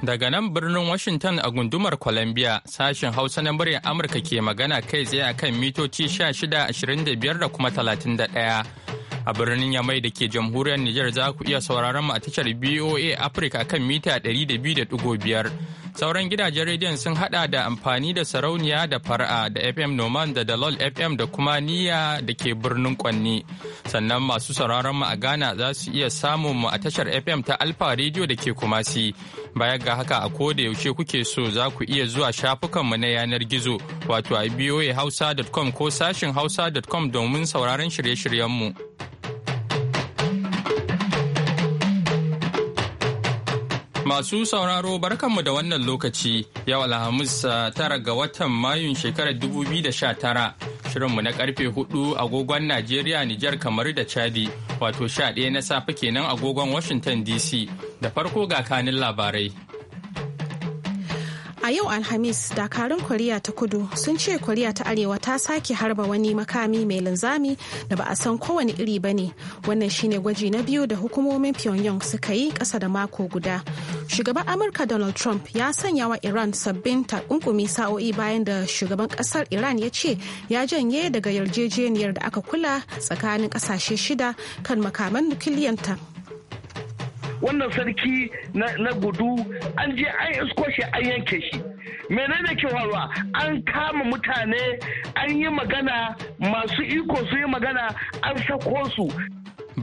Daga nan birnin Washington a gundumar Columbia sashen Hausa na muryar Amurka ke magana kai tsaye a kan mitoci 1625 da kuma 31. A birnin Yamai da ke jamhuriyar Nijar za ku iya sauraron mu a tashar BOA Africa kan mita 200.5. Sauran gidajen rediyon sun hada da amfani da sarauniya da fara'a da FM Noman da Dalol FM da kuma Niyya da ke birnin Kwanni. Sannan masu sauraron mu a Ghana za su iya samun mu a tashar FM ta Alfa Radio da ke Kumasi. Baya ga haka a ko da yaushe kuke so za ku iya zuwa shafukanmu na yanar gizo wato a voahausa.com ko sashin hausa.com domin sauraron shirye-shiryenmu. Masu sauraro barkanmu da wannan lokaci yau Alhamis uh, tara ga watan Mayun shekarar 2019 shirinmu na karfe 4 agogon Najeriya Nijar kamar da Chadi wato sha 11 na safe kenan agogon Washington DC da farko ga kanin labarai. A yau Alhamis, dakarun Koriya ta kudu sun ce Koriya ta Arewa ta sake harba wani makami mai linzami da ba a san kowane iri ba ne. Wannan shine gwaji na biyu da hukumomin Pyongyang suka yi ƙasa da mako guda. Shugaban Amurka Donald Trump ya sanya wa Iran sabbin takunkumi sa'o'i bayan da shugaban ƙasar Iran ya ce ya janye daga yarjejeniyar da aka kula tsakanin ƙasashe shida kan makaman nukiliyanta. wannan sarki na gudu an je an isko an yanke shi menene ke faruwa an kama mutane an yi magana masu iko su yi magana an sako su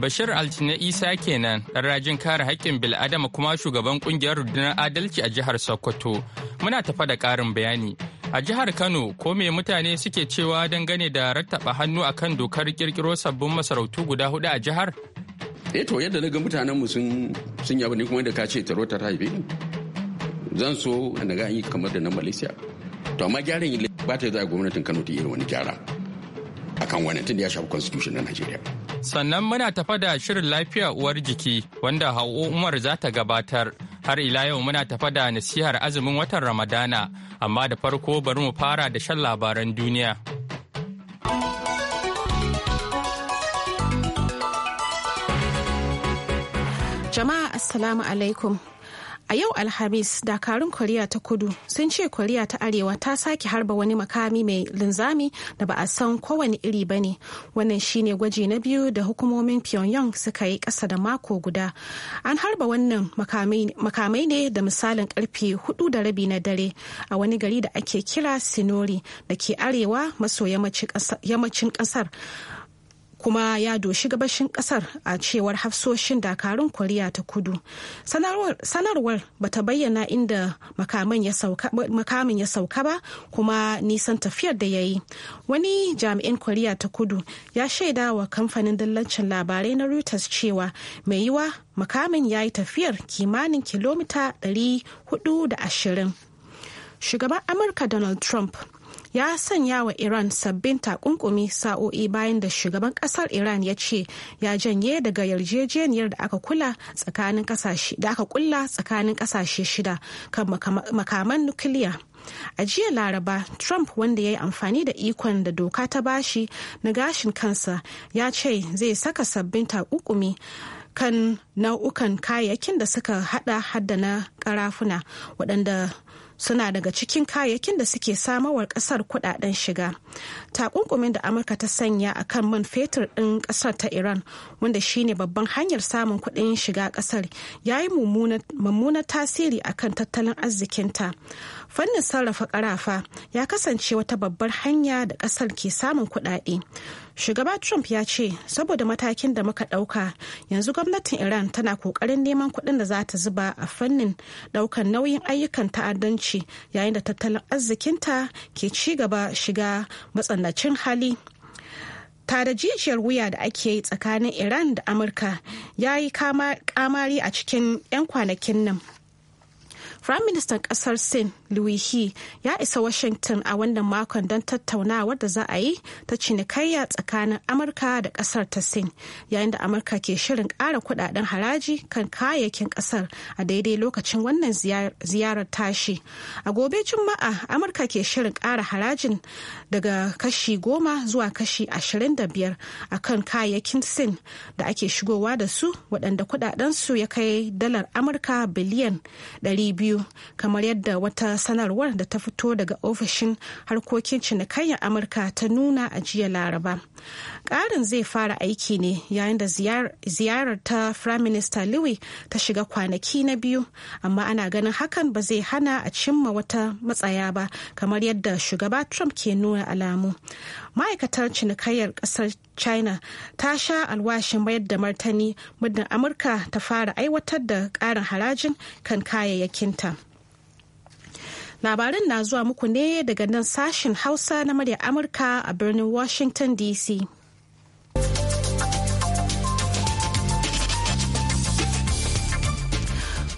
Bashir aljina Isa kenan ɗan rajin kare haƙƙin bil'adama kuma shugaban ƙungiyar rundunar adalci a jihar Sokoto. Muna tafa da ƙarin bayani. A jihar Kano, ko me mutane suke cewa dangane da rattaba hannu akan dokar kirkiro sabbin masarautu guda hudu a jihar? eh to yadda na ga mutanen mu sun sun yaba ne kuma yadda ka ce taro ta haife zan so na ga yi kamar da na malaysia to amma gyaran ba ta da gwamnatin kano ta irin wani gyara akan wannan tun da ya shafi constitution na najeriya sannan muna tafa da shirin lafiya uwar jiki wanda hau umar za ta gabatar har ila yau muna tafa da nasihar azumin watan ramadana amma da farko bari mu fara da shan labaran duniya. Jama'a Assalamu alaikum. A yau Alhamis, dakarun Koriya ta kudu sun ce Koriya ta Arewa ta sake harba wani makami mai linzami da ba a san kowane iri ba ne. Wannan shine gwaji na biyu da hukumomin Pyongyang suka yi kasa da mako guda. An harba wannan makamai ne da misalin karfe hudu da rabi na dare a wani gari da ake kira Sinori da ke arewa maso yammacin kasar. kuma ya doshi gabashin kasar a cewar hafsoshin dakarun koriya ta kudu sanarwar ba ta bayyana inda makamin ya sauka ba kuma nisan tafiyar da ya yi wani jami'in koriya ta kudu ya shaida wa kamfanin dillancin labarai na reuters cewa mai yiwa makamin ya yi tafiyar kimanin kilomita 420 shugaban amurka donald trump ya sanya wa Iran sabbin takunkumi sa'o'i bayan da shugaban kasar Iran ya ce ya janye daga yarjejeniyar da aka kula tsakanin kasashe da aka kula tsakanin kasashe shida kan makaman nukiliya. A jiya Laraba, Trump wanda ya yi amfani da ikon da doka ta bashi na gashin kansa ya ce zai saka sabbin takunkumi kan nau'ukan kayayyakin da suka hada hadda na karafuna waɗanda suna daga cikin kayayyakin da suke samawar kasar kudaden shiga takunkumin da amurka ta sanya a kan man fetur ɗin ƙasar ta iran wanda shine babban hanyar samun kuɗin shiga ƙasar ya yi mummunar tasiri akan tattalin arzikinta fannin sarrafa karafa ya kasance wata babbar hanya da kasar ke samun kuɗaɗe shugaba trump ya ce saboda matakin da muka ɗauka yanzu gwamnatin iran tana kokarin neman kuɗin da za ta zuba a fannin ɗaukar nauyin ayyukan ta'addanci yayin da tattalin arzikinta ke ci gaba shiga matsanancin hali tada jijiyar wuya da ake yi tsakanin iran da amurka ya yi kamari a cikin 'yan kwanakin nan Firaministan kasar Sin Louis He ya isa Washington a wannan makon don tattaunawar da za a yi ta cinikayya tsakanin Amurka da kasar ta Sin, yayin da Amurka ke shirin ƙara kudaden haraji kan kayayyakin kasar a daidai lokacin wannan ziyarar tashi. A gobe Juma'a, Amurka ke shirin ƙara harajin daga kashi goma zuwa kashi ashirin da biyar a kan kayayyakin Sin da ake shigowa da su waɗanda kuɗaɗensu ya kai dalar Amurka biliyan ɗari biyu kamar yadda wata sanarwar da ta fito daga ofishin harkokin cinikayyar amurka ta nuna a jiya laraba ƙarin zai fara aiki ne yayin da ziyarar ta prime minister lewi ta shiga kwanaki na biyu amma ana ganin hakan ba zai hana a cimma wata matsaya ba kamar yadda shugaba trump ke nuna alamu ma'aikatar cinikayyar kasar china ta sha alwashin mayar da martani muddin amurka ta fara aiwatar da karin harajin kan kayayyakinta Labarin na zuwa muku ne daga nan sashen hausa na murya amurka a birnin washington dc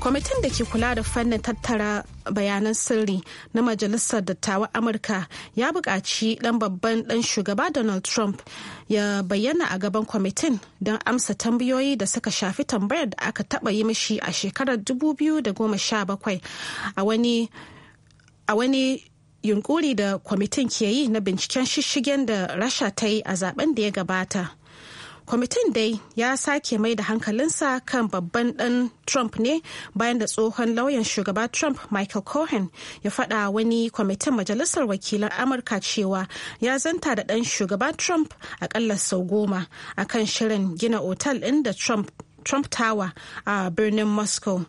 kwamitin da ke kula da fannin tattara bayanan sirri na majalisar dattawan amurka ya buƙaci ɗan babban ɗan shugaba donald trump ya bayyana a gaban kwamitin don amsa tambayoyi da suka shafi tambayar da aka taɓa yi mishi a shekarar 2017 a wani a wani yunkuri da kwamitin ke yi na binciken shishigen da rasha ta yi a zaben da ya gabata kwamitin dai ya sake mai da hankalinsa kan babban dan trump ne bayan da tsohon lauyan shugaba trump michael cohen ya fada wani kwamitin majalisar wakilan amurka cewa ya zanta da dan shugaba trump akalla sau goma akan shirin gina otal ɗin da trump Trump Tower a birnin Moscow.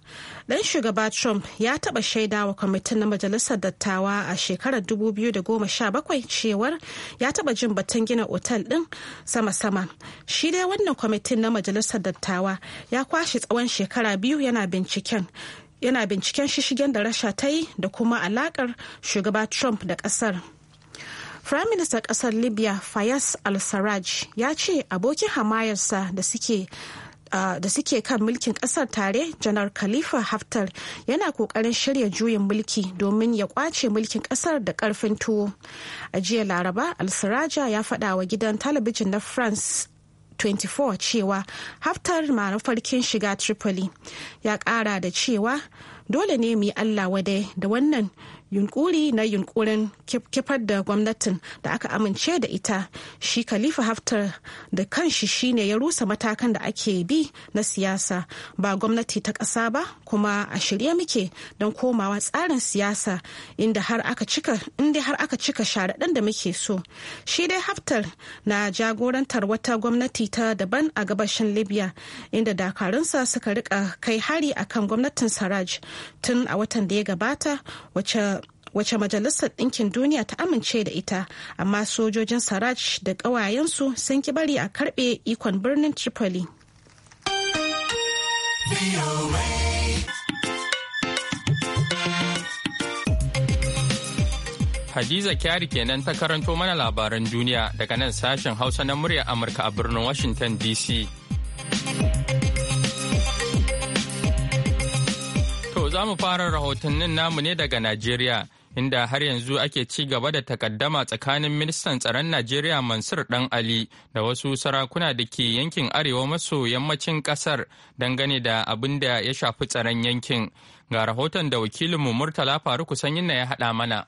Dan shugaba Trump ya taɓa shaidawa kwamitin na Majalisar Dattawa a shekarar 2017 cewar ya taɓa jin batun gina otal ɗin sama-sama. Shi dai wannan kwamitin na Majalisar Dattawa ya kwashe tsawon shekara biyu yana binciken. Yana binciken shishigen da Rasha ta yi da kuma alakar shugaba Trump da ƙasar. Firaministan ƙasar Libya Fayez al-Sarraj ya ce abokin hamayarsa da suke da suke kan mulkin kasar tare janar khalifa haftar yana kokarin shirya juyin mulki domin ya kwace mulkin kasar da karfin tuwo a jiya laraba alsiraja ya faɗawa wa gidan talabijin na france 24 cewa haftar manufarkin shiga tripoli ya ƙara da cewa dole ne mu yi allah wadai da wannan yunkuri na yunkurin kifar da gwamnatin da aka amince da ita shi khalifa haftar da kanshi shine ya rusa matakan da ake bi na siyasa ba gwamnati ta ƙasa ba kuma a shirye muke don komawa tsarin siyasa inda har aka cika inda har aka cika sharaɗin da muke so shi dai haftar na jagorantar wata gwamnati ta daban a gabashin libya inda dakarunsa suka rika kai hari akan gwamnatin saraj tun a watan da ya gabata wacce wace majalisar ɗinkin duniya ta amince da ita amma sojojin saraj da ƙawayensu sun ki bari a karɓe ikon birnin tripoli Hadiza Kyari kenan ta karanto mana labaran duniya daga nan sashen Hausa na murya Amurka a birnin Washington DC. To za mu fara rahotannin namu ne daga Najeriya. inda har yanzu ake ci gaba da takaddama tsakanin ministan tsaron Najeriya Mansur Dan Ali da wasu sarakuna da ke yankin arewa maso yammacin kasar dangane da abin da ya shafi tsaron yankin. Ga rahoton da wakilinmu Murtala Faruku Sanyin ya haɗa mana.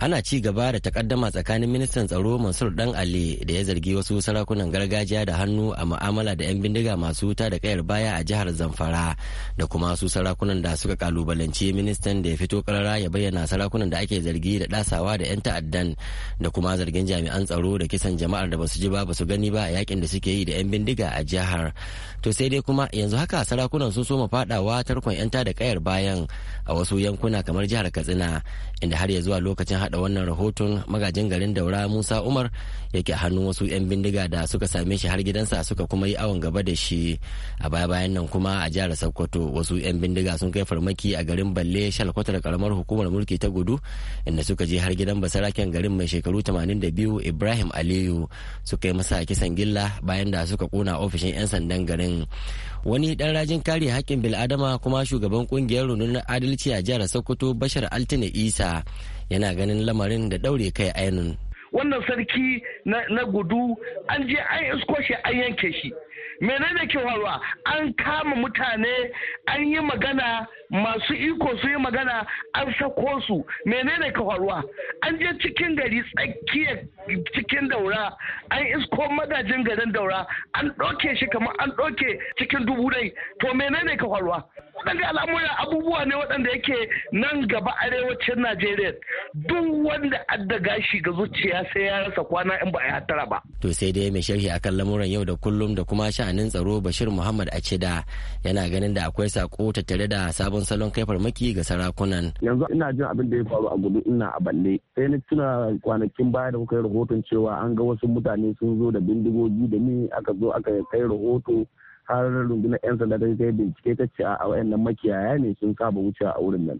ana ci gaba da takaddama tsakanin ministan tsaro mansur dan ali da ya zargi wasu sarakunan gargajiya da hannu a mu'amala da 'yan bindiga masu wuta da kayar baya a jihar zamfara da kuma su sarakunan da suka kalubalance ministan da ya fito karara ya bayyana sarakunan da ake zargi da dasawa da 'yan ta'addan da kuma zargin jami'an tsaro da kisan jama'ar da basu ji ba basu gani ba a yakin da suke yi da 'yan bindiga a jihar to sai dai kuma yanzu haka sarakunan sun soma fadawa tarkon 'yan ta da kayar bayan a wasu yankuna kamar jihar katsina inda har ya zuwa lokacin hada wannan rahoton magajin garin daura musa umar yake a hannun wasu 'yan bindiga da suka same shi har gidansa suka kuma yi awon gaba da shi a baya bayan nan kuma a jihar sokoto wasu 'yan bindiga sun kai farmaki a garin balle shalkwatar karamar hukumar mulki ta gudu inda suka je har gidan basaraken garin mai shekaru tamanin da biyu ibrahim aliyu suka yi masa kisan gilla bayan da suka kona ofishin 'yan sandan garin wani dan rajin kare haƙƙin bil'adama kuma shugaban kungiyar rundunar adalci a jihar sokoto bashar altine isa yana ganin lamarin da daure kai ainin wannan sarki na gudu an je an isko shi an yanke shi menene ke faruwa an kama mutane an yi magana masu iko su yi magana an sako su menene ke faruwa an je cikin gari tsakiya cikin daura an isko madajin garin daura an ɗauke shi kamar an ɗauke cikin dubu dai to menene ke faruwa waɗanda al'amura abubuwa ne waɗanda yake nan gaba arewacin najeriya duk wanda adda gashi ga zuciya sai ya rasa kwana in ba a yi hatara ba to sai dai mai sharhi akan lamuran yau da kullum da kuma sha'anin tsaro bashir muhammad a cida yana ganin da akwai sako tattare da sabon salon kai farmaki ga sarakunan yanzu ina jin abin da ya faru a gudu ina a balle sai ni tuna kwanakin baya da kuka yi rahoton cewa an ga wasu mutane sun zo da bindigogi da ni aka zo aka kai rahoto har rundunar 'yan sanda ta yi bincike ta ce a wayannan makiyaya ne sun saba wucewa a wurin nan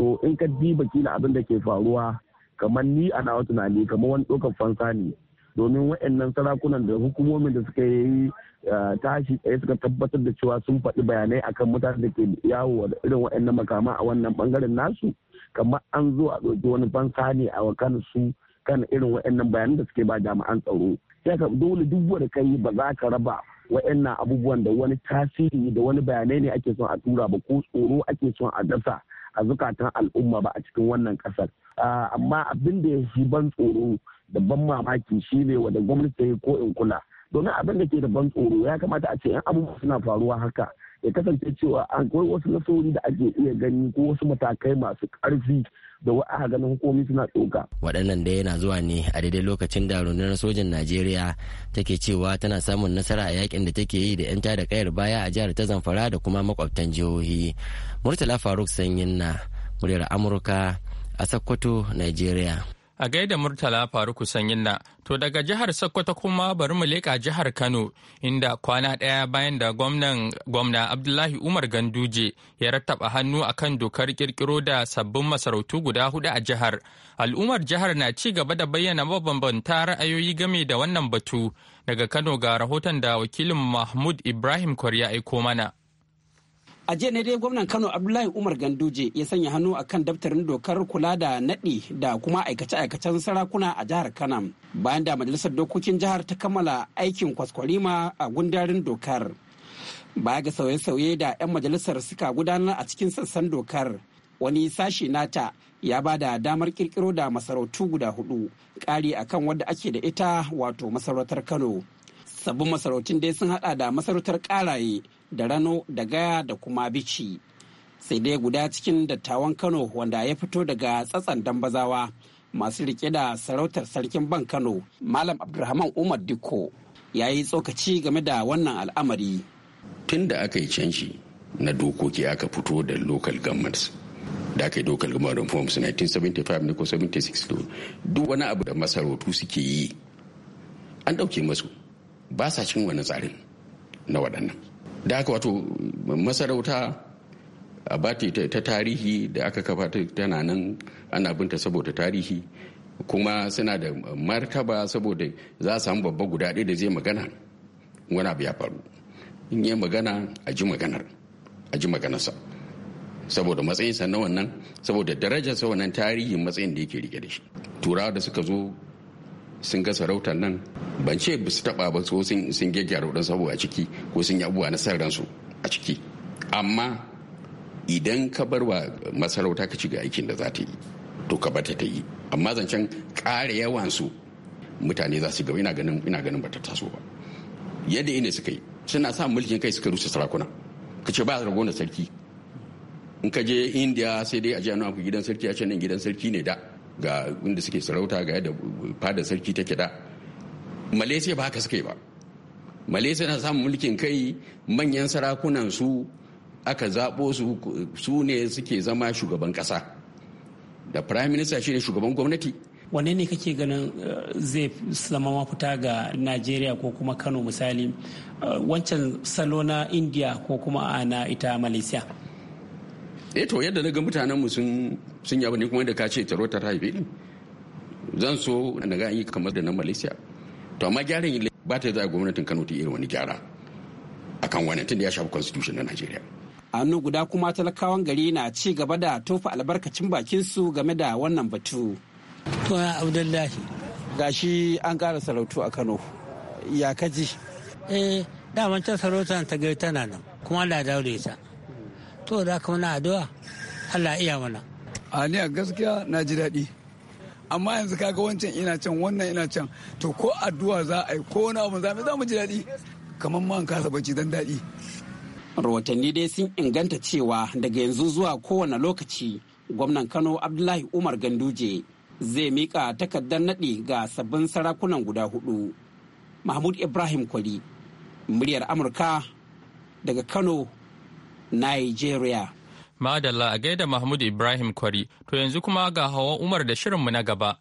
to in ka diba kila abin da ke faruwa kamar ni a nawa tunani kamar wani ɗaukar fansa ne domin wayannan sarakunan da hukumomin da suka yi Eh, tashi tsaye suka tabbatar da cewa sun faɗi bayanai akan mutane da ke yawo da irin waɗannan makama a wannan bangaren nasu kamar an zo a ɗauki wani fansa ne a kan su kan irin waɗannan bayanan da suke ba jami'an tsaro sai ka dole duk wanda ka yi ba za ka raba waɗannan abubuwan da wani tasiri da wani bayanai ne ake son a tura ba ko tsoro ake son a dasa a zukatan al'umma ba a cikin wannan ƙasar. Eh, amma abin da ya fi ban tsoro da ban mamaki shine wanda gwamnati ta yi ko in kula domin abin da ke da ban tsoro ya kamata a ce yan abubuwa suna faruwa haka ya kasance cewa an koyi wasu nasori da ake iya gani ko wasu matakai masu ƙarfi da wa aka ganin hukumi suna tsoka. Waɗannan da yana zuwa ne a daidai lokacin da rundunar sojan Najeriya take cewa tana samun nasara a yakin da take yi da 'yan tada kayar baya a jihar ta Zamfara da kuma makwabtan jihohi. Murtala Faruk Sanyin na muryar Amurka a Sokoto, Najeriya. A gaida Murtala Faruku Sanyin na, to daga jihar Sokoto kuma bari mu leƙa jihar Kano, inda kwana ɗaya bayan da gwamnan gwamna Abdullahi Umar Ganduje ya rattaba hannu a kan dokar kirkiro da sabbin masarautu guda hudu a jihar. Al'ummar jihar na ci gaba da bayyana mabambanta ra'ayoyi game da wannan batu. Daga Kano ga rahoton da wakilin Mahmud Ibrahim Kwarya aiko mana. A jiya ne dai gwamnan Kano Abdullahi Umar Ganduje ya sanya hannu a kan daftarin dokar kula da naɗi da kuma aikace-aikacen sarakuna a jihar Kano bayan da majalisar dokokin jihar ta kammala aikin kwaskwarima a gundarin dokar. Baya ga sauye-sauye da 'yan majalisar suka gudanar a cikin sassan dokar wani sashi nata ya ba da damar kirkiro da masarautu guda hudu kari akan wadda ake da ita wato masarautar Kano. sabbin masarautun dai sun hada da masarautar karaye da rano da gaya da kuma bici sai dai guda cikin dattawan kano wanda ya fito daga tsatsan dambazawa masu rike da sarautar sarkin ban kano malam abdulrahman umar dikko ya yi tsokaci game da wannan al'amari tun da aka yi canji na dokoki aka fito da local governments da aka yi local government reforms 1975 ne ko 76 duk wani abu da masarautu suke yi an ɗauke masu ba sa cin wani tsarin na waɗannan da haka wato masarauta a bati ta tarihi da aka kafa tana nan ana binta saboda tarihi kuma suna da martaba saboda za a samu babba guda ɗaya da zai magana wani abu ya faru in yi magana a ji maganar a ji maganarsa saboda matsayin na wannan saboda darajarsa wannan tarihin matsayin da yake rike da shi turawa da suka zo sun ga sarautar nan ban ce ba su taba ba ko sun gyaggyara wadansu abubuwa a ciki ko sun yi abubuwa na san ransu a ciki amma idan ka bar wa masarauta ka ci ga aikin da za ta yi to ka bata ta yi amma zancen ƙara yawansu mutane za su ga ina ganin ina ganin bata taso ba yadda ine suka yi suna sa mulkin kai suka rusa sarakuna ka ce ba ragona sarki in ka je indiya sai dai a ji gidan sarki a ce nan gidan sarki ne da ga inda suke sarauta ga yadda fadar sarki ta kida malaysia ba haka suke ba malaysia na samun mulkin kai manyan sarakunan su aka zaɓo su ne suke zama shugaban kasa da prime minister shine shugaban gwamnati wane ne kake ganin uh, zai zama mafita ga nigeria ko kuma kano misali uh, wancan salo na india ko kuma ana ita malaysia eh to yadda na ga mutanen mu sun sun yaba ni kuma yadda ka ce taro ta haife din zan so na ga yi kamar da na Malaysia to amma gyaran ba ta za gwamnatin Kano ta yi wani gyara akan wani tun da ya shafi constitution na Najeriya a hannu guda kuma talakawan gari na ci gaba da tofa albarkacin bakin su game da wannan batu to Abdullahi gashi an ƙara sarautu a Kano ya kaji eh daman can sarauta ta gari tana nan kuma da daure ta to da haka muna addu'a Allah iya mana a ni a gaskiya na ji daɗi amma yanzu kaga wancan ina can wannan ina can to ko addu'a za a yi ko wani abu za mu za mu ji daɗi kamar man kasa bacci dan daɗi rahotanni dai sun inganta cewa daga yanzu zuwa kowane lokaci gwamnan kano abdullahi umar ganduje zai mika takardar naɗi ga sabbin sarakunan guda hudu mahmud ibrahim kwali muryar amurka daga kano Nigeria. Madalla a gaida Mahmud Ibrahim Kwari, to yanzu kuma ga hawa Umar da shirinmu na gaba.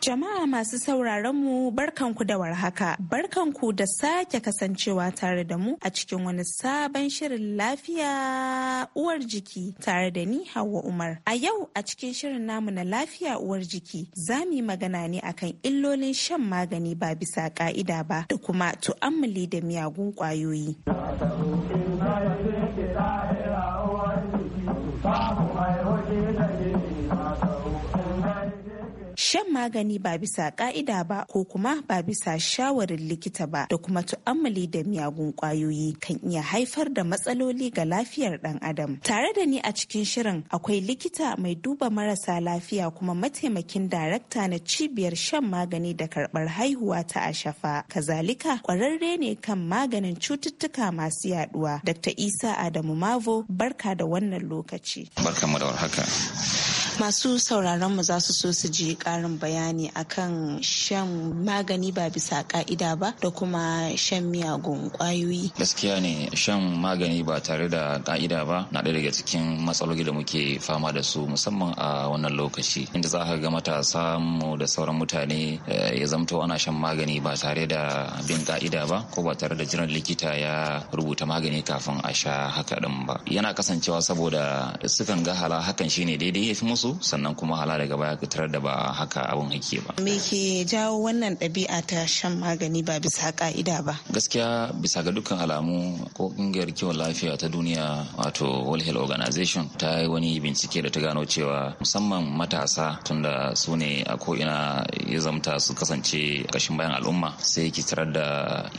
Jama'a masu sauraron mu barkanku da warhaka, barkanku da sake kasancewa tare da mu a cikin wani sabon shirin lafiya uwar jiki tare da ni Hauwa Umar. A yau a cikin shirin namu na lafiya uwar jiki za mu yi magana ne akan illolin shan magani ba bisa ka'ida ba da kuma tu'ammali da miyagun ƙwayoyi. shan magani ba bisa ka'ida ba ko kuma ba bisa shawarin likita ba da kuma tu'ammali da miyagun kwayoyi kan iya haifar da matsaloli ga lafiyar dan adam tare da ni a cikin shirin akwai likita mai duba marasa lafiya kuma mataimakin darakta na cibiyar shan magani da karbar haihuwa ta ashafa kazalika kwararre ne kan maganin cututtuka masu yaduwa dr isa adamu mavo barka da wannan lokaci masu sauraron mu za su so su ji karin bayani akan shan magani ba bisa ka'ida ba da kuma shan miyagun kwayoyi gaskiya ne shan magani ba tare da ka'ida ba na ɗaya daga cikin matsaloli da muke fama da su musamman a wannan lokaci inda za ka ga matasa mu da sauran mutane eh, ya zamto ana shan magani ba tare da bin ka'ida ba ko ba tare da jiran likita ya rubuta magani kafin a sha haka din ba yana kasancewa saboda sukan ga hala hakan shine daidai ya fi musu su sannan kuma hala daga baya ka tarar da ba haka abin hake ba. Me ke jawo wannan ɗabi'a ta shan magani ba bisa ka'ida ba? Gaskiya bisa ga dukkan alamu ko ƙungiyar kiwon lafiya ta duniya wato World Health Organization ta yi wani bincike da ta gano cewa musamman matasa tunda su ne a ko'ina ya zamta su kasance ƙashin bayan al'umma sai ki tarar da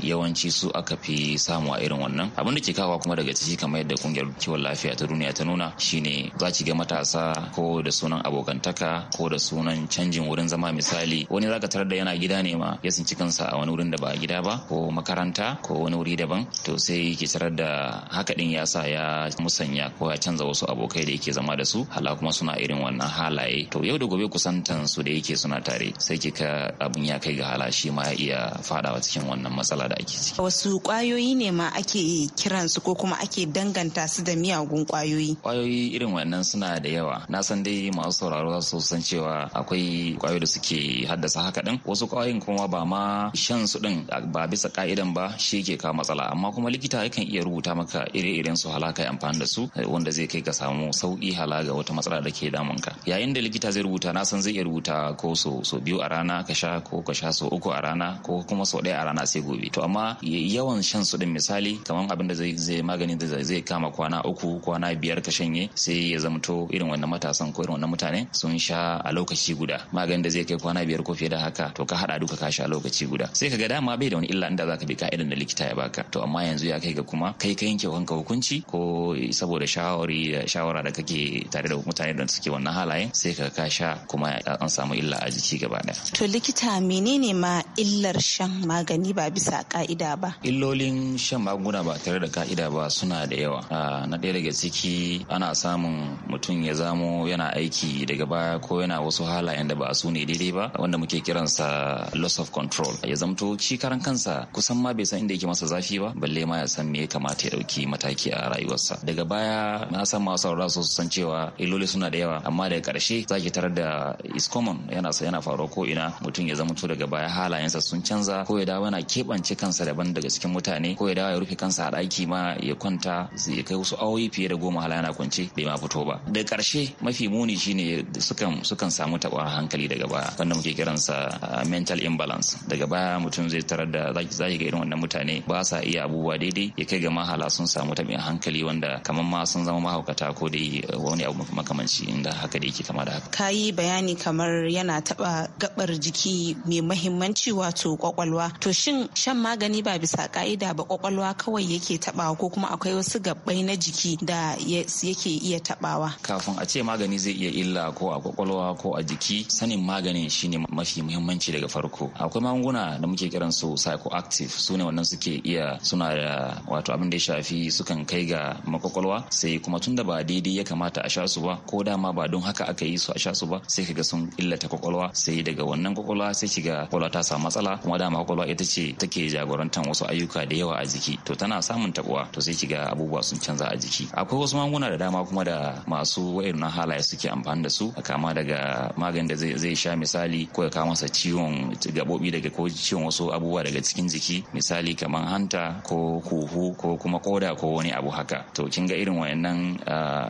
yawanci su aka fi samu a irin wannan. Abin da ke kawo kuma daga ciki kamar yadda ƙungiyar kiwon lafiya ta duniya ta nuna shine za ki ga matasa ko da sunan abokantaka ko da sunan canjin wurin zama misali wani zaka tarar da yana gida ne ma ya tsinci kansa a wani wurin da ba gida ba ko makaranta ko wani wuri daban to sai ki tarar da haka din ya sa ya musanya ko ya canza wasu abokai da yake zama da su hala kuma suna irin wannan halaye to yau da gobe kusantan su da yake suna tare sai ka abun ya kai ga hala shi ma ya iya fadawa cikin wannan matsala da ake ciki wasu kwayoyi ne ma ake kiransu ko kuma ake danganta su da miyagun kwayoyi kwayoyi irin wannan suna da yawa na san dai masu sauraro za su san cewa akwai kwayoyi da suke haddasa haka din wasu kwayoyin kuma ba ma shan su din ba bisa ka'idan ba shi ke kawo matsala amma kuma likita yakan iya rubuta maka ire-iren su halaka amfani da su wanda zai kai ka samu sauki hala ga wata matsala da ke damun ka yayin da likita zai rubuta na san zai iya rubuta ko so so biyu a rana ka sha ko ka sha so uku a rana ko kuma so ɗaya a rana sai gobe to amma yawan shan su din misali kamar abin da zai zai magani da zai kama kwana uku kwana biyar ka shanye sai ya zamto irin wannan matasan ko irin wannan mutane sun sha a lokaci guda maganin da zai kai kwana biyar ko fiye da haka to ka hada duka ka sha a lokaci guda sai ka ga dama bai da wani illa inda zaka bi ka'idan da likita ya baka to amma yanzu ya kai ga kuma kai ka yanke kanka hukunci ko saboda shawari shawara da kake tare da mutane da suke wannan halayen sai ka ka sha kuma an samu illa a jiki gaba daya to likita menene ma illar shan magani ba bisa ka'ida ba illolin shan magunguna ba tare da ka'ida ba suna da yawa ah, na ɗaya daga ciki ana samun mutum ya zamo yana aiki aiki daga baya ko yana wasu halayen da ba su ne daidai ba wanda muke kiransa loss of control ya zamto shi karan kansa kusan ma bai san inda yake masa zafi ba balle ma ya san me ya kamata ya dauki mataki a rayuwarsa daga baya na san masu rasu su san cewa iloli suna da yawa amma daga karshe zaki tarar da is common yana yana faruwa ko ina mutum ya zamto daga baya halayensa sun canza ko ya dawo yana keɓance kansa daban daga cikin mutane ko ya dawo ya rufe kansa a ɗaki ma ya kwanta ya kai wasu awoyi fiye da goma hala yana kwance bai ma fito ba daga karshe mafi muni shine sukan sukan samu taɓa hankali daga baya wanda muke kiransa ah, mental imbalance daga baya mutum zai tarar da zaki ga irin wannan mutane ba sa iya abubuwa daidai ya kai ga mahala sun samu taɓin hankali wanda kamar ma sun zama mahaukata ko dai eh, wani abu makamanci inda haka da yake kama da haka kayi bayani kamar yana taɓa gabar jiki mai mahimmanci wato kwakwalwa to shin shan magani ba bisa ka'ida ba kwakwalwa kawai yake taɓawa ko kuma akwai wasu gabbai na jiki da yake iya taɓawa kafin a ce magani zai iya illa ko a kwakwalwa ko a jiki sanin maganin shine mafi muhimmanci daga farko akwai magunguna da muke kiran su psychoactive su ne wannan suke iya suna da wato abin da ya shafi sukan kai ga makwakwalwa sai kuma tunda ba daidai ya kamata a sha su ba ko dama ba don haka aka yi su a sha su ba sai kaga sun illata kwakwalwa sai daga wannan kwakwalwa sai kiga kwakwalwa ta samu matsala kuma dama kwakwalwa ita ce take jagorantar wasu ayyuka da yawa a jiki to tana samun tabuwa to sai kiga abubuwa sun canza a jiki akwai wasu magunguna da dama kuma da masu na halaye suke ake amfani da su kama daga maganin da zai sha misali ko ya kawo masa ciwon gabobi daga ko ciwon wasu abubuwa daga cikin jiki misali kamar hanta ko huhu ko kuma koda ko wani abu haka to kin ga irin wayannan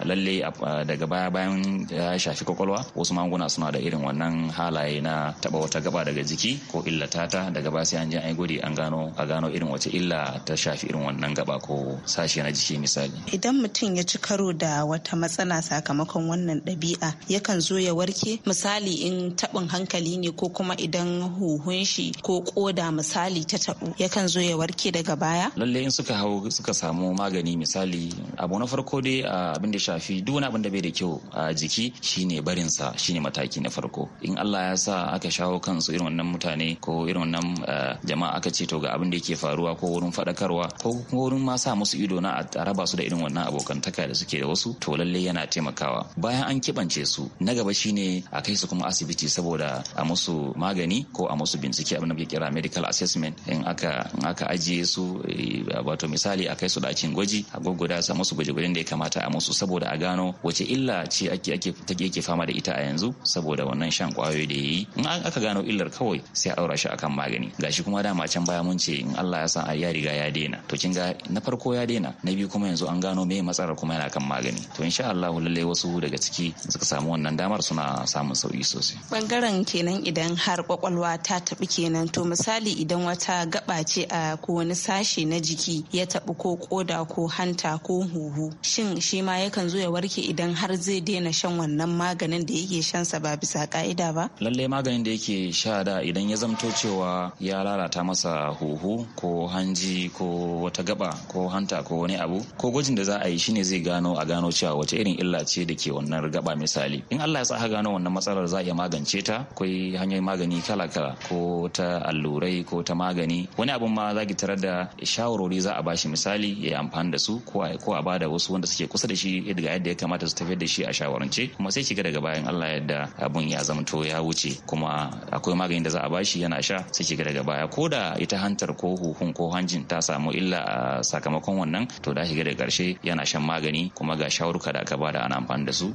lalle daga baya bayan ya shafi kwakwalwa wasu magunguna suna da irin wannan halaye na taba wata gaba daga jiki ko illata ta daga baya sai an je an gudi an gano a gano irin wace illa ta shafi irin wannan gaba ko sashe na jiki misali idan mutum ya ci karo da wata matsala sakamakon wannan ɗabi'a ɗabi'a yakan zo ya warke misali in taɓin hankali ne ko kuma idan huhun shi ko koda misali ta taɓu yakan zo ya warke daga baya lalle in suka hau suka samu magani misali abu na farko dai abin da shafi duk wani abin da bai da kyau a jiki shine barinsa shine mataki na farko in Allah ya sa aka shawo kansu irin wannan mutane ko irin wannan jama'a aka ce to ga abin da yake faruwa ko wurin faɗakarwa ko wurin ma sa musu ido na a raba su da irin wannan abokantaka da suke da wasu to lalle yana taimakawa bayan an keɓance su na gaba shine a kai su kuma asibiti saboda a musu magani ko a musu bincike abin da muke kira medical assessment in aka in aka ajiye su eh, wato misali a kai su ɗakin gwaji a gwaggwada su a musu gwaje-gwajen da ya kamata a musu saboda a gano wace illa ce ake ake take yake fama da ita a yanzu saboda wannan shan kwayoyi da yayi in aka gano illar kawai sai a ɗaura shi akan magani gashi kuma dama can baya mun ce in Allah ya san ya riga ya daina to kin ga na farko ya daina na biyu kuma yanzu an gano me matsalar kuma yana kan magani to insha Allah lallai wasu daga ciki suka samu wannan damar suna samun sauki sosai bangaren kenan idan har kwakwalwa ta taɓi kenan to misali idan wata gaba ce a ko wani sashe na jiki ya taɓi ko koda ko hanta ko huhu shin shi ma yakan zo ya warke idan har zai daina shan wannan maganin da yake shansa ba bisa ka'ida ba lalle maganin da yake sha da idan ya zamto cewa ya lalata masa huhu ko hanji ko wata gaba ko hanta ko wani abu ko gwajin da za a yi shine zai gano a gano cewa wace irin illa ce da ke wannan gaba misali in Allah ya sa aka gano wannan matsalar za a iya magance ta akwai hanyoyin magani kala-kala ko ta allurai ko ta magani wani abun ma za ki tarar da shawarwari za a bashi misali ya yi amfani da su ko a bada wasu wanda suke kusa da shi daga yadda ya kamata su tafiyar da shi a shawarance kuma sai kiga daga bayan Allah yadda abun ya zamto ya wuce kuma akwai magani da za a bashi yana sha sai shiga daga baya ko da ita hantar ko huhun ko hanjin ta samu illa a sakamakon wannan to da shiga daga karshe yana shan magani kuma ga shawaruka da aka bada ana amfani da su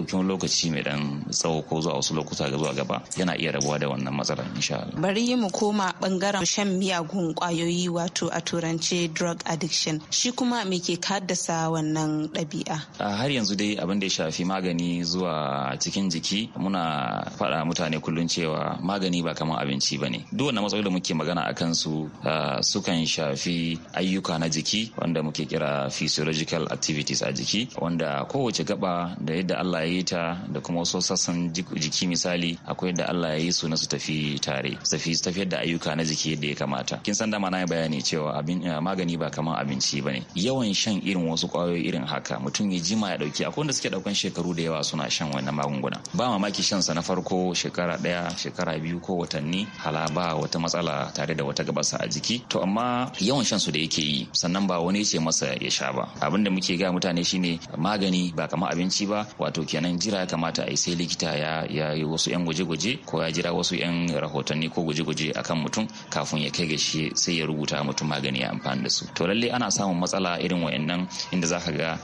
ɗauki wani lokaci mai dan tsawo ko zuwa wasu lokuta ga zuwa gaba yana iya rabuwa da wannan matsalar insha Allah. Bari mu koma bangaren shan miyagun kwayoyi wato a turance drug addiction shi kuma me ke haddasa wannan ɗabi'a. a Har yanzu dai abin da ya shafi magani zuwa cikin jiki muna faɗa mutane kullum cewa magani ba kamar abinci ba ne. Duk wannan matsaloli da muke magana a kansu sukan shafi ayyuka na jiki wanda muke kira physiological activities a jiki wanda kowace gaba da yadda Allah yi ta da kuma wasu sassan jiki misali akwai da Allah ya yi su na su tafi tare su tafiyar da ayyuka na jiki yadda ya kamata kin san dama na yi bayani cewa abin eh, magani ba kamar abinci bane yawan shan irin wasu kwayoyi irin haka mutum ya jima ya dauki akwai wanda suke daukan shekaru da yawa suna shan wannan magunguna ba mamaki shan sa na farko shekara daya shekara biyu ko watanni hala ba wata matsala tare da wata gabasa a jiki to amma yawan shan su da yake yi sannan ba wani ya ce masa ya sha ba abin da muke ga mutane shine magani ba kamar abinci ba wato kenan jira ya kamata a yi sai likita ya yi wasu 'yan gwaje-gwaje ko ya jira wasu 'yan rahotanni ko gwaje-gwaje akan mutum kafin ya kai ga shi sai ya rubuta mutum magani ya amfani da su to lalle ana samun matsala irin wayannan inda za ka ga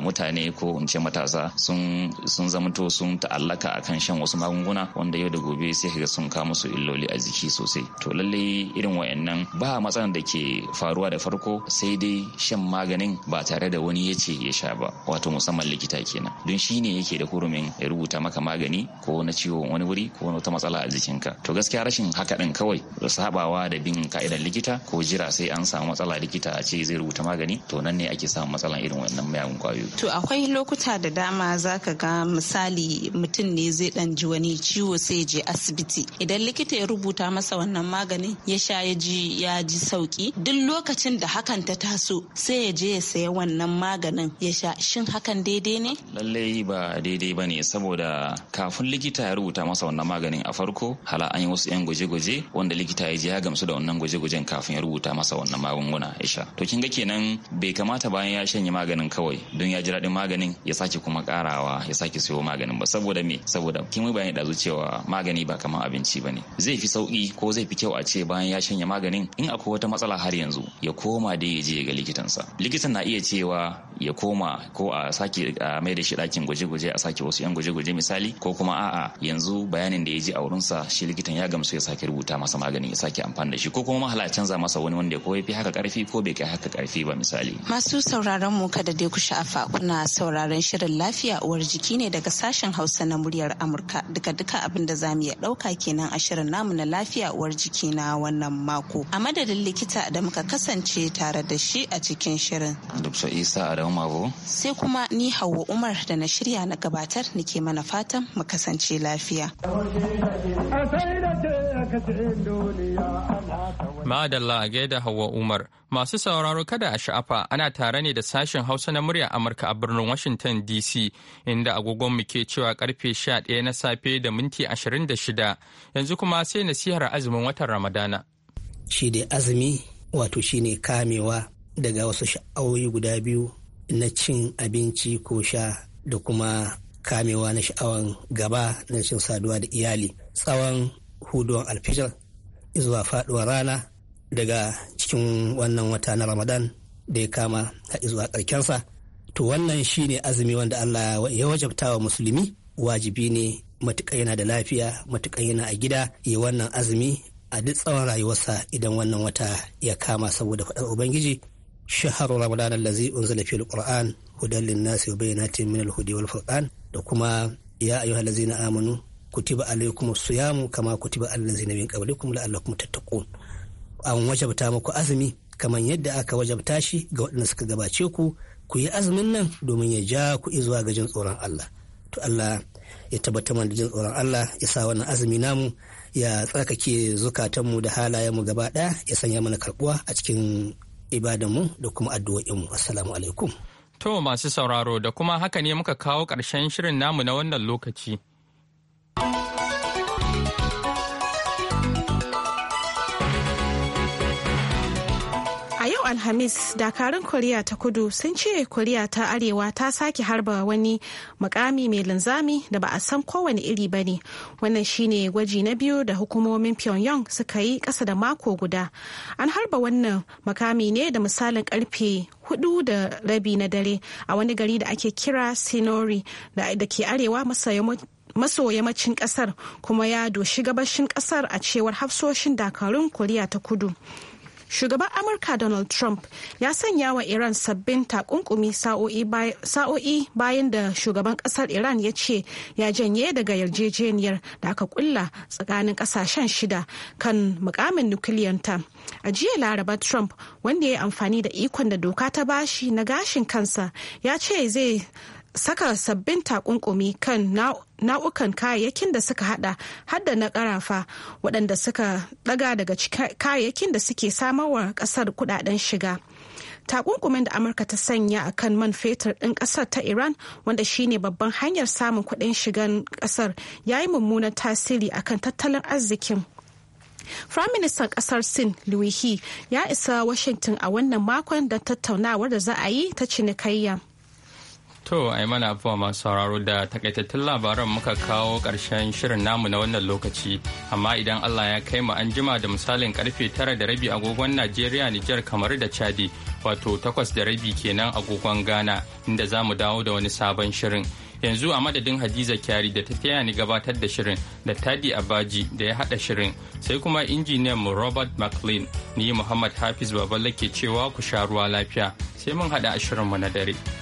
mutane ko in ce matasa sun sun zamanto sun ta'allaka akan shan wasu magunguna wanda yau da gobe sai ka ga sun kawo musu illoli a jiki sosai to lalle irin wayannan ba matsalan da ke faruwa da farko sai dai shan maganin ba tare da wani ya ce ya sha ba wato musamman likita kenan don shine ne yake da hurumin ya rubuta maka magani ko na ciwon wani wuri ko wata matsala a jikinka to gaskiya rashin haka din kawai da sabawa da bin ka'idar likita ko jira sai an samu matsala likita a ce zai rubuta magani to nan ne ake samun matsalan irin wannan mayagun kwayoyi to akwai lokuta da dama zaka ga misali mutum ne zai dan ji wani ciwo sai je asibiti idan likita ya rubuta masa wannan maganin ya sha ya ji ya ji sauki duk lokacin da hakan ta taso sai ya je ya saya wannan maganin ya sha shin hakan daidai ne lallai ba ba daidai ba ne saboda kafin likita ya rubuta masa wannan maganin a farko hala an yi wasu 'yan gwaje-gwaje wanda likita ya je ya gamsu da wannan gwaje-gwajen kafin ya rubuta masa wannan magunguna ya sha to kin ga kenan bai kamata bayan ya shanye maganin kawai don ya ji daɗin maganin ya sake kuma karawa ya sake siyo maganin ba saboda me saboda kin mai bayani da cewa magani ba kamar abinci ba ne zai fi sauki ko zai fi kyau a ce bayan ya shanye maganin in akwai wata matsala har yanzu ya koma da ya je ga likitansa likitan na iya cewa ya koma ko a sake mai da shi ɗakin gwaje guje-guje a sake wasu yan gwaje-gwaje misali ko kuma a'a yanzu bayanin da ya ji a wurinsa shi likitan ya gamsu ya sake rubuta masa magani ya sake amfani da shi ko kuma mahala canza masa wani wanda ko ya fi haka karfi ko bai kai haka karfi ba misali. Masu sauraron mu kada dai ku sha'afa kuna sauraron shirin lafiya uwar jiki ne daga sashen Hausa na muryar Amurka duka-duka abin da zamu iya ɗauka kenan a shirin namu na lafiya uwar jiki na wannan mako. A madadin likita da muka kasance tare da shi a cikin shirin. Dr. Isa Adamu Mabo. Sai kuma ni Hauwa Umar da na shirya na gabatar nake mana fatan mu kasance lafiya. Madalla a gaida Hauwa Umar. Masu sauraro kada a sha'afa ana tare ne da sashen Hausa na murya Amurka a birnin Washington DC inda agogon mu ke cewa karfe 11 na safe da minti 26. Yanzu kuma sai nasihar azumin watan Ramadana. Shi dai azumi wato shi ne kamewa daga wasu sha'awoyi guda biyu na cin abinci ko sha da kuma kamewa na sha'awan gaba na rashin saduwa da iyali tsawon huduwan alfijar zuwa faduwar rana daga cikin wannan wata na ramadan da ya kama har zuwa karkensa to wannan shine azumi wanda allah ya wajabta wa musulmi wajibi ne matuƙa yana da lafiya matuƙa yana a gida ya wannan azumi a duk tsawon rayuwarsa idan wannan wata ya kama saboda faɗar ubangiji shaharu ramadan allazi unzila fil qur'an hudan linnasi wa bayyanatin min alhudi wal furqan da kuma ya ayyuhal ladzina amanu kutiba alaykum siyamu kama kutiba alal ladzina min qablikum la'allakum tattaqun an wajabta muku azumi kaman yadda aka wajabta shi ga waɗanda suka gabace ku ku yi azumin nan domin ya ja ku zuwa ga jin tsoron Allah to Allah ya tabbata mana da jin tsoron Allah ya sa wannan azumi namu ya tsarkake mu da halayenmu gaba ɗaya ya sanya mana karbuwa a cikin mu da kuma addu'o'inmu assalamu alaikum To masu sauraro da kuma haka ne muka kawo ƙarshen shirin namu na wannan lokaci. Alhamis, dakarun Koriya ta kudu sun ce Koriya ta Arewa ta sake harba wani makami mai linzami da ba a san kowane iri ba ne. Wannan shine gwaji na biyu da hukumomin Pyongyang suka yi kasa da mako guda. An harba wannan makami ne da misalin karfe hudu da rabi na dare a wani gari da ake kira Sinori da ke arewa maso yammacin kasar kuma ya doshi gabashin kasar a cewar hafsoshin dakarun Koriya ta kudu. shugaban amurka donald trump ya sanya wa iran sabbin takunkumi sa'o'i bayan da shugaban kasar iran ya ce ya janye daga yarjejeniyar da aka kulla tsakanin kasashen shida kan mukamin nukiliyanta a jiya laraba trump wanda ya yi amfani da ikon da doka ta bashi na gashin kansa ya ce zai saka sabbin takunkumi kan na'ukan kayayyakin da suka hada hadda na karafa waɗanda suka daga daga kayayyakin da suke samarwa ƙasar kudaden shiga takunkumin da amurka ta sanya a kan man fetur ɗin ƙasar ta iran wanda shine babban hanyar samun kuɗin shigan ƙasar ya yi mummunan tasiri akan tattalin arzikin Firaministan ƙasar Sin luwihi ya isa Washington a wannan makon da tattaunawar da za a yi ta cinikayya. To, ai mana abubuwa masu sauraro da takaitattun labaran muka kawo ƙarshen shirin namu na wannan lokaci. Amma idan Allah ya kai mu an jima da misalin karfe tara da rabi agogon Najeriya, Nijar, kamar da Chadi, wato takwas da rabi kenan agogon Ghana, inda za mu dawo da wani sabon shirin. yanzu a madadin hadiza kyari da ta taya ni gabatar da shirin da tadi abaji da ya haɗa shirin sai kuma injiniyan mu robert mclean ni muhammad hafiz Babalake ke cewa ku sha ruwa lafiya sai mun haɗa a mu na dare.